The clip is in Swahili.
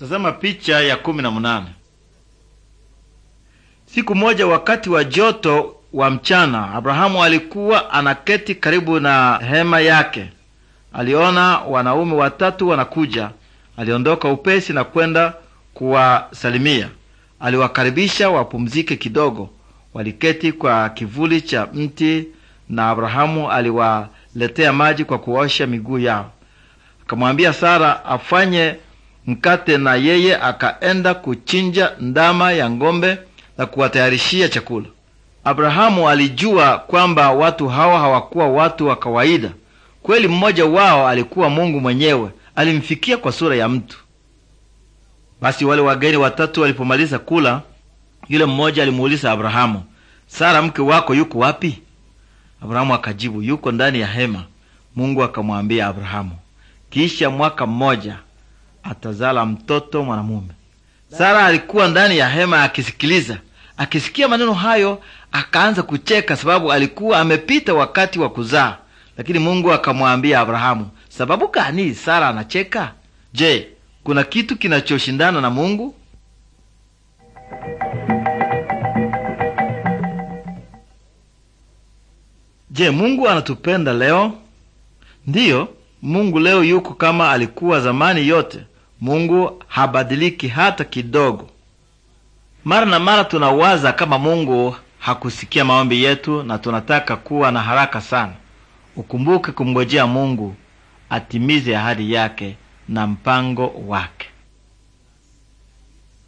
Tazama picha ya kumi na munane. Siku moja wakati wa joto wa mchana, Abrahamu alikuwa anaketi karibu na hema yake. Aliona wanaume watatu wanakuja. Aliondoka upesi na kwenda kuwasalimia. Aliwakaribisha wapumzike kidogo. Waliketi kwa kivuli cha mti, na Abrahamu aliwaletea maji kwa kuosha miguu yao. Akamwambia Sara afanye mkate na yeye akaenda kuchinja ndama ya ng'ombe na kuwatayarishia chakula. Abrahamu alijua kwamba watu hawa hawakuwa watu wa kawaida. Kweli mmoja wao alikuwa Mungu mwenyewe, alimfikia kwa sura ya mtu. Basi wale wageni watatu walipomaliza kula, yule mmoja alimuuliza Abrahamu, Sara mke wako yuko wapi? Abrahamu akajibu, yuko ndani ya hema. Mungu akamwambia Abrahamu, kisha mwaka mmoja atazala mtoto mwanamume. Sara alikuwa ndani ya hema akisikiliza. Akisikia maneno hayo, akaanza kucheka sababu alikuwa amepita wakati wa kuzaa. Lakini Mungu akamwambia Abrahamu, sababu gani Sara anacheka? Je, kuna kitu kinachoshindana na Mungu? Je, Mungu anatupenda leo? Ndiyo, Mungu leo yuko kama alikuwa zamani yote. Mungu habadiliki hata kidogo. Mara na mara tunawaza kama Mungu hakusikia maombi yetu na tunataka kuwa na haraka sana. Ukumbuke kumgojea Mungu atimize ahadi yake na mpango wake.